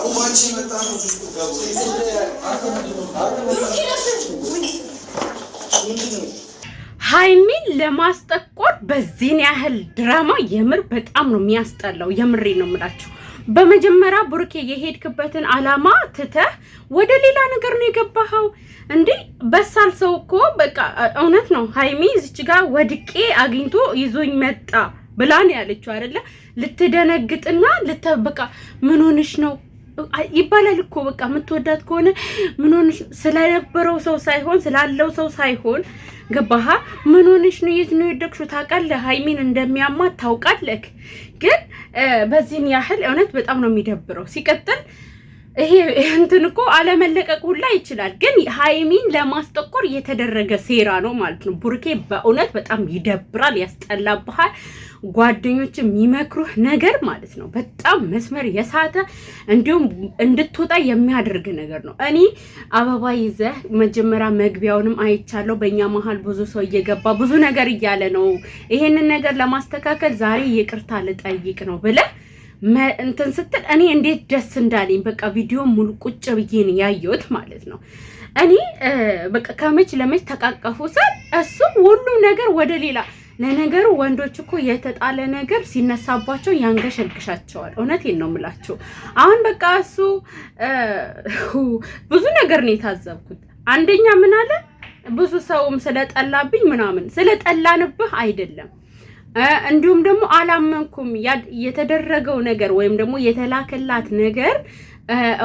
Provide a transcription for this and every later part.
አቁማችን ሀይሚን ለማስጠቆር በዚህን ያህል ድራማ የምር በጣም ነው የሚያስጠላው። የምሬ ነው የምላችሁ። በመጀመሪያ ብሩኬ የሄድክበትን አላማ ትተህ ወደ ሌላ ነገር ነው የገባኸው። እንዴ በሳል ሰው እኮ በቃ እውነት ነው። ሀይሚ ዝች ጋር ወድቄ አግኝቶ ይዞኝ መጣ ብላን ያለችው አይደለ? ልትደነግጥና ልተ በቃ ምን ሆንሽ ነው ይባላል እኮ በቃ የምትወዳት ከሆነ ምንሆን ስለነበረው ሰው ሳይሆን ስላለው ሰው ሳይሆን ገባሃ? ምን ሆንሽ ነው? የት ነው የወደቅሽው? ታውቃለህ፣ ሀይሚን እንደሚያማት ታውቃለህ። ግን በዚህን ያህል እውነት በጣም ነው የሚደብረው። ሲቀጥል ይሄ እንትን እኮ አለመለቀቅ ሁላ ይችላል፣ ግን ሀይሚን ለማስጠቆር የተደረገ ሴራ ነው ማለት ነው። ቡርኬ በእውነት በጣም ይደብራል፣ ያስጠላብሃል። ጓደኞች የሚመክሩህ ነገር ማለት ነው በጣም መስመር የሳተ እንዲሁም እንድትወጣ የሚያደርግ ነገር ነው። እኔ አበባ ይዘህ መጀመሪያ መግቢያውንም አይቻለሁ። በእኛ መሀል ብዙ ሰው እየገባ ብዙ ነገር እያለ ነው። ይሄንን ነገር ለማስተካከል ዛሬ ይቅርታ ልጠይቅ ነው ብለህ እንትን ስትል እኔ እንዴት ደስ እንዳለኝ በቃ ቪዲዮ ሙሉ ቁጭ ብዬ ነው ያየሁት ማለት ነው። እኔ በቃ ከመች ለመች ተቃቀፉ ስል እሱም ሁሉም ነገር ወደ ሌላ ለነገሩ ወንዶች እኮ የተጣለ ነገር ሲነሳባቸው ያንገሸግሻቸዋል። እውነቴን ነው የምላችሁ። አሁን በቃ እሱ ብዙ ነገር ነው የታዘብኩት። አንደኛ ምን አለ ብዙ ሰውም ስለጠላብኝ ምናምን ስለጠላንብህ አይደለም እንዲሁም ደግሞ አላመንኩም የተደረገው ነገር ወይም ደግሞ የተላከላት ነገር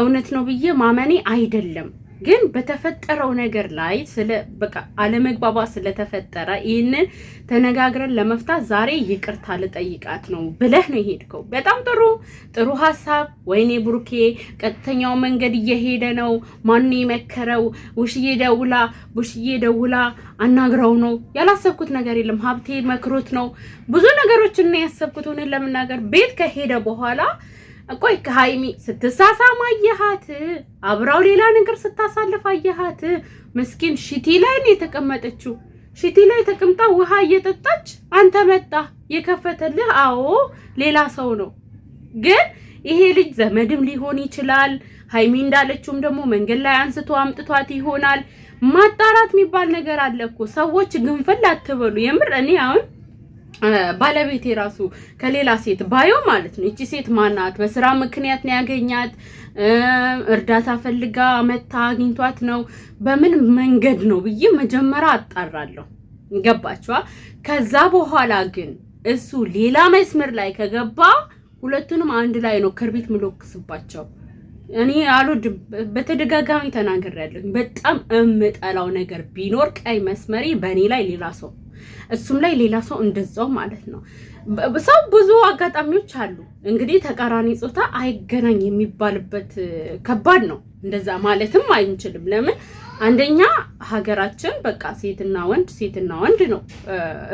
እውነት ነው ብዬ ማመኔ አይደለም። ግን በተፈጠረው ነገር ላይ ስለ በቃ አለመግባባት ስለተፈጠረ ይህንን ተነጋግረን ለመፍታት ዛሬ ይቅርታ ልጠይቃት ነው ብለህ ነው የሄድከው። በጣም ጥሩ ጥሩ ሀሳብ። ወይኔ ብሩኬ ቀጥተኛው መንገድ እየሄደ ነው። ማን የመከረው? ውሽዬ ደውላ ውሽዬ ደውላ አናግረው ነው። ያላሰብኩት ነገር የለም። ሀብቴ መክሮት ነው። ብዙ ነገሮችን ያሰብኩት ሆነ ለመናገር ቤት ከሄደ በኋላ ቆይ ከሀይሚ ስትሳሳም አየሃት፣ አብራው ሌላ ነገር ስታሳልፍ አየሃት። ምስኪን ሽቲ ላይ ነው የተቀመጠችው። ሽቲ ላይ ተቀምጣ ውሃ እየጠጣች አንተ መጣ የከፈተልህ። አዎ ሌላ ሰው ነው። ግን ይሄ ልጅ ዘመድም ሊሆን ይችላል። ሀይሚ እንዳለችውም ደግሞ መንገድ ላይ አንስቶ አምጥቷት ይሆናል። ማጣራት የሚባል ነገር አለ እኮ ሰዎች። ግንፍል አትበሉ የምር እኔ አሁን ባለቤት የራሱ ከሌላ ሴት ባዮ ማለት ነው። እቺ ሴት ማናት? በስራ ምክንያት ነው ያገኛት፣ እርዳታ ፈልጋ መታ አግኝቷት ነው፣ በምን መንገድ ነው ብዬ መጀመሪያ አጣራለሁ። ገባችኋ? ከዛ በኋላ ግን እሱ ሌላ መስመር ላይ ከገባ ሁለቱንም አንድ ላይ ነው ከርቤት ምሎክስባቸው። እኔ አልወድም። በተደጋጋሚ ተናግሬያለሁ። በጣም እምጠላው ነገር ቢኖር ቀይ መስመሪ በእኔ ላይ ሌላ ሰው እሱም ላይ ሌላ ሰው እንደዛው ማለት ነው። ሰው ብዙ አጋጣሚዎች አሉ እንግዲህ ተቃራኒ ጾታ አይገናኝ የሚባልበት ከባድ ነው። እንደዛ ማለትም አይንችልም። ለምን አንደኛ ሀገራችን በቃ ሴትና ወንድ ሴትና ወንድ ነው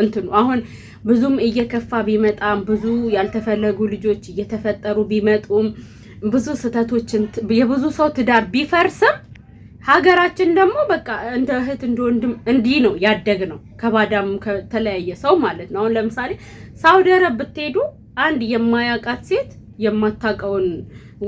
እንትኑ አሁን ብዙም እየከፋ ቢመጣም ብዙ ያልተፈለጉ ልጆች እየተፈጠሩ ቢመጡም ብዙ ስህተቶችን የብዙ ሰው ትዳር ቢፈርስም ሀገራችን ደግሞ በቃ እንደ እህት እንደ ወንድም እንዲህ ነው ያደግ ነው ከባዳም ከተለያየ ሰው ማለት ነው። አሁን ለምሳሌ ሳውዲ አረብ ብትሄዱ አንድ የማያውቃት ሴት የማታውቀውን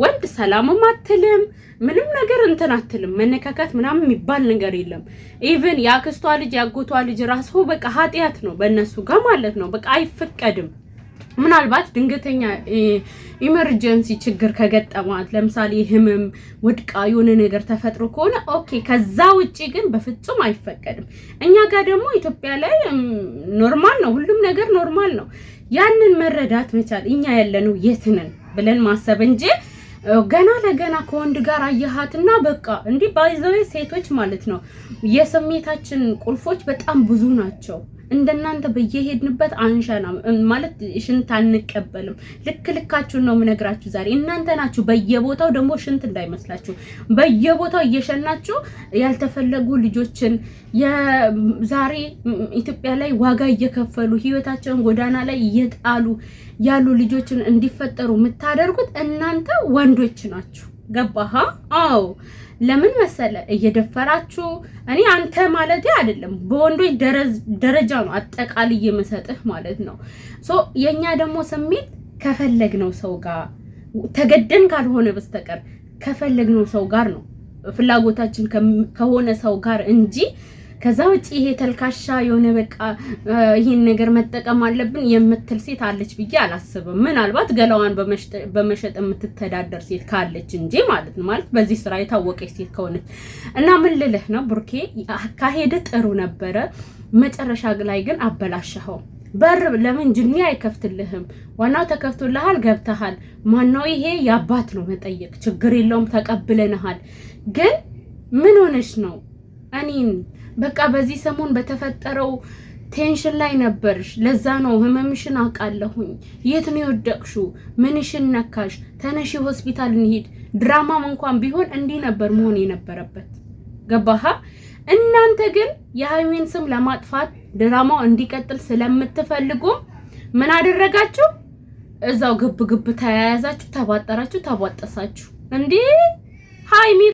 ወንድ ሰላምም አትልም፣ ምንም ነገር እንትን አትልም። መነካካት ምናምን የሚባል ነገር የለም። ኢቭን የአክስቷ ልጅ ያጎቷ ልጅ ራስሁ በቃ ኃጢአት ነው በእነሱ ጋር ማለት ነው። በቃ አይፈቀድም። ምናልባት ድንገተኛ ኢመርጀንሲ ችግር ከገጠማት ለምሳሌ ህመም፣ ወድቃ የሆነ ነገር ተፈጥሮ ከሆነ ኦኬ። ከዛ ውጪ ግን በፍጹም አይፈቀድም። እኛ ጋር ደግሞ ኢትዮጵያ ላይ ኖርማል ነው፣ ሁሉም ነገር ኖርማል ነው። ያንን መረዳት መቻል እኛ ያለነው የት ነን ብለን ማሰብ እንጂ ገና ለገና ከወንድ ጋር አየሃትና በቃ እንዲህ ባይዘዌ ሴቶች ማለት ነው የስሜታችን ቁልፎች በጣም ብዙ ናቸው። እንደናንተ በየሄድንበት አንሸና ማለት ሽንት አንቀበልም። ልክ ልካችሁን ነው የምነግራችሁ ዛሬ። እናንተ ናችሁ በየቦታው ደግሞ ሽንት እንዳይመስላችሁ በየቦታው እየሸናችሁ ያልተፈለጉ ልጆችን ዛሬ ኢትዮጵያ ላይ ዋጋ እየከፈሉ ህይወታቸውን ጎዳና ላይ እየጣሉ ያሉ ልጆችን እንዲፈጠሩ የምታደርጉት እናንተ ወንዶች ናችሁ። ገባሃ? አዎ። ለምን መሰለ እየደፈራችሁ እኔ አንተ ማለት አይደለም በወንዶች ደረጃ ነው አጠቃላይ እየመሰጥህ ማለት ነው። ሶ የኛ ደግሞ ስሜት ከፈለግነው ሰው ጋር ተገደን ካልሆነ በስተቀር ከፈለግነው ሰው ጋር ነው ፍላጎታችን ከሆነ ሰው ጋር እንጂ ከዛ ውጭ ይሄ ተልካሻ የሆነ በቃ ይህን ነገር መጠቀም አለብን የምትል ሴት አለች ብዬ አላስብም። ምናልባት ገላዋን በመሸጥ የምትተዳደር ሴት ካለች እንጂ ማለት ነው ማለት በዚህ ስራ የታወቀች ሴት ከሆነች እና ምን ልልህ ነው ቡርኬ ካሄደ ጥሩ ነበረ። መጨረሻ ላይ ግን አበላሸኸው። በር ለምን ጅኒ አይከፍትልህም? ዋናው ተከፍቶልሃል፣ ገብተሃል። ማነው ይሄ የአባት ነው መጠየቅ ችግር የለውም ተቀብለንሃል። ግን ምን ሆነች ነው እኔን በቃ በዚህ ሰሞን በተፈጠረው ቴንሽን ላይ ነበርሽ። ለዛ ነው ህመምሽን አውቃለሁኝ። የት ነው የወደቅሽው? ምንሽን ነካሽ? ተነሽ ሆስፒታል እንሂድ። ድራማም እንኳን ቢሆን እንዲህ ነበር መሆን የነበረበት። ገባሃ? እናንተ ግን የሃይሜን ስም ለማጥፋት ድራማው እንዲቀጥል ስለምትፈልጉ ምን አደረጋችሁ? እዛው ግብ ግብ ተያያዛችሁ፣ ተባጠራችሁ፣ ተቧጠሳችሁ። እንዲህ ሃይሚ